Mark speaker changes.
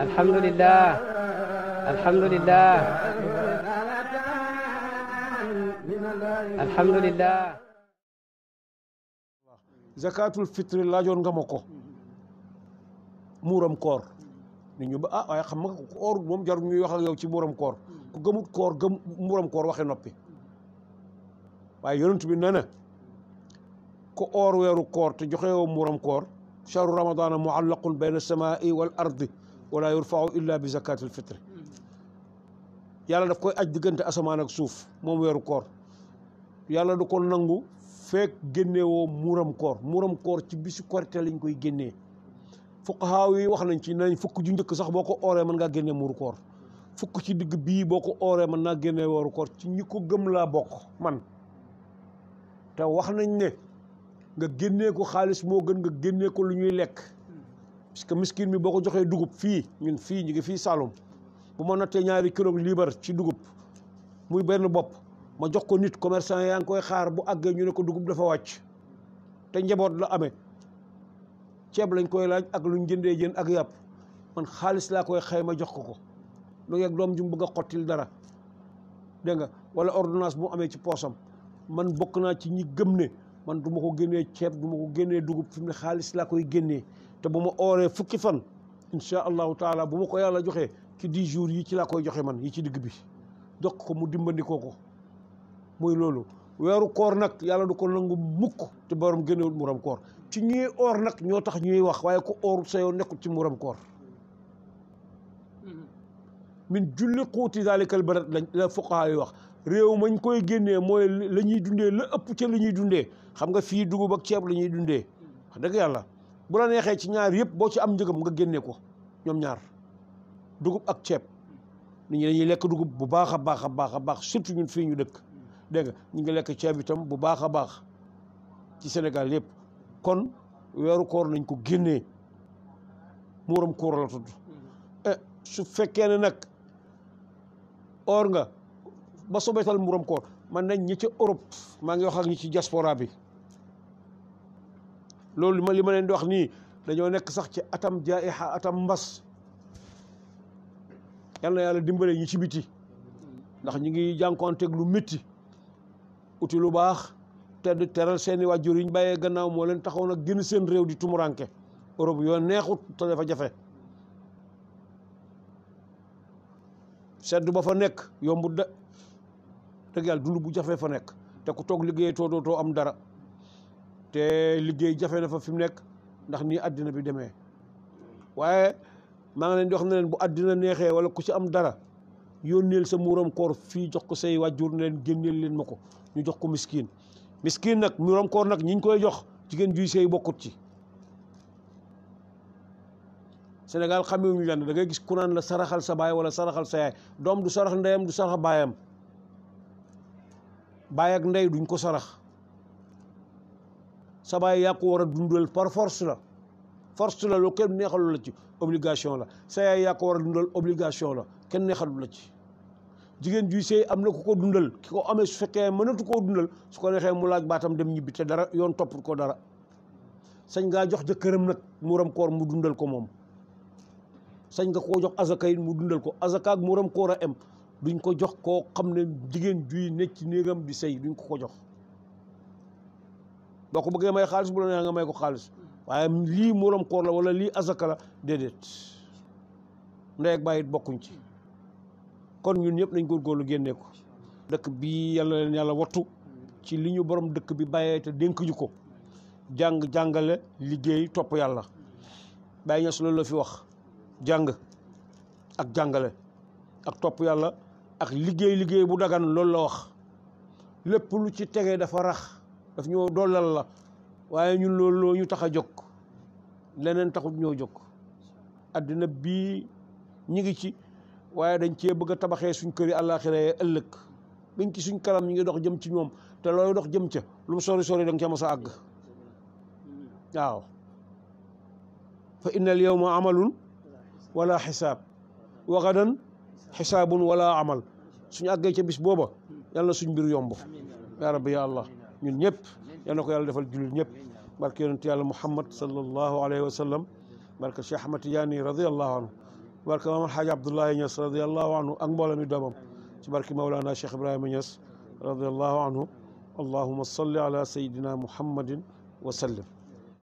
Speaker 1: alhamdulilah alhamdulilah alhamdulilah. zakatul fitri laajoon nga ko muuram koor nit ñu ba ah waaye xam nga koor moom jarul ñuy wax ak yow ci muuram koor ku gëmut koor gëm koor waxe noppi waaye yonent bi ko oor weeru koor te joxe woo muuram koor. chahru ramadana muallaqun bayna alsamaai wal ardi wala yurfau illa bi zakati alfitre yàlla daf koy aj diggante asamaan ak suuf moom weeru koor yàlla du ko nangu feek génne muram koor muuram koor ci bisu korite lañ koy génnee fuqahaaw yi wax nañ ci nañ fukk ju njëkk sax boo ko ooree mën ngaa génnee muuru koor fukk ci digg bii boo ko ooree mën naa génne weeru koor ci ñi ko gëm laa bokk man te wax nañ ne nga génnee ko xaalis moo gën nga génnee lu ñuy lekk parce que miskin mi boo ko joxee dugub fii ñun fii ñu ngi fii Saloum bu ma nattee ñaari kilo liibar ci dugub muy benn bopp ma jox ko nit commerçant yaa ngi koy xaar bu àggee ñu ne ko dugub dafa wàcc te njaboot la amee ceeb lañ koy laaj ak luñ jëndee jën ak yàpp man xaalis laa koy ma jox ko ko loolu yeg doom ju mu bëgg xottil dara dégg nga wala ordonnance bu mu amee ci poosam man bokk naa ci ñi gëm ne man du ma ko génnee ceeb du ma ko génnee dugub fi mu xaalis laa koy génnee te bu ma ooree fukki fan incha allahu taala bu ma ko yàlla joxee ki di jours yi ci laa koy joxee man yi ci digg bi jox ko mu dimbandikoo ko muy loolu weeru koor nag yàlla du ko nangu mukk te borom génnewul muram koor ci ñuy oor nag ñoo tax ñuy wax waaye ku oorut sa yoon nekkul ci muram koor mm-hmm. min julli xuuti daalika al la fuqaha wax réew mañ koy génnee mooy la ñuy dundee la ëpp ca la ñuy dundee xam nga fii dugub ak ceeb la ñuy dundee wax yàlla bu la neexee ci ñaar yëpp boo ci am njëgam nga génnee ko ñoom ñaar dugub ak ceeb nit ñi dañuy lekk dugub bu baax a baax a baax a baax surtout ñun fii ñu dëkk dégg ñu ngi lekk ceeb itam bu baax a baax ci senegal yëpp kon weeru koor nañ ko génnee muuram koor la tudd eh, su fekkee ne nag or nga ba sobeetal mburam koor man nañ ñi ci Europe maa ngi wax ak ñi ci diaspora bi loolu ma li ma leen di wax nii dañoo nekk sax ci atam jaayixa atam mbas yal yàlla dimbale ñi ci biti ndax ñu ngi jànkoon jànkuwanteeg lu métti uti lu baax te teral seeni waajur yiñ ñu bàyyee gannaaw moo leen taxaw nag génn seen réew di tumuranke Europe yoo neexut te dafa jafe sedd ba fa nekk yombut dëgg yàlla dund bu jafee fa nekk te ku toog liggéey too doo too am dara te liggéey jafe na fa fi mu nekk ndax nii àddina bi demee waaye maa ngi leen jox na leen bu àddina neexee wala ku ci am dara yónneel sa muuram koor fii jox ko say wàjjur ne leen génneel leen ma ko ñu jox ko miskiin miskin nag muuram koor nag ñi ñu koy jox jigéen juy sey bokkut ci Sénégal xamewuñu lan da ngay gis ku naan la saraxal sa baay wala saraxal sa yaay doom du sarax ndeyam du sarax baayam baay ak ndey duñ ko sarax sa baay yaa ko war a dundal par force la force la loo kenn neexalu la ci obligation la sa yaay dundal obligation la kenn neexalu la ci jigéen juy sëy am na ku ko dundal ki ko amee su fekkee mënatu koo dundal su ko neexee mu laaj baatam dem ñibbi te dara yoon toppul ko dara sañ ngaa jox jëkkëram nag muuram koor mu dundal ko moom sañ nga ko jox azaka yi mu dundal ko azaka ak muuram koor a em duñ ko jox koo xam ne jigéen juy nekk ci néegam di sëy duñ ko ko jox boo ko bëggee may xaalis bu la neexee nga may ko xaalis waaye lii moroom koor la walla lii asaka la déedéet ndey ak bokkuñ ci kon ñun ñëpp nañ góorgóorlu génnee ko dëkk bi yàlla leen yàlla wattu ci li ñu borom dëkk bi bàyyee te dénk ko jàng jàngale liggéey topp yàlla bàyyi ñas loolu la fi wax jàng ak jàngale ak topp yàlla ak liggéey liggéey bu dagan loolu la wax lépp lu ci tegee dafa rax daf ñoo dollal la waaye ñun loolu loo ñu tax a jóg leneen taxut ñoo jóg àddina bii ñu ngi ci waaye dañ cee bëgg a tabaxee suñ kër yi àllaaxira yee ëllëg dañ ci suñ kanam ñu ngi dox jëm ci ñoom te looy dox jëm ca lu mu sori sori da nga ca mos a àgg waaw fa innal yawma amalun wala xisaab wa xisaabun wala amal suñu àggee ca bis booba yàlla na suñ mbir yomb yaa rabbi ya allah ñun ñëpp yal na ko yàlla defal jullit ñëpp barke yonent yàlla muhammad sallallahu alayhi wa sallam barke cheikh ahmad tijaani radiallahu anhu barke maam alxaaji abdoulaye ñas radiallahu anhu ak mboolem mi doomam ci barke mawlana cheikh ibrahima ñas radiallahu anhu allahuma salli ala sayidina muhammadin wa sallim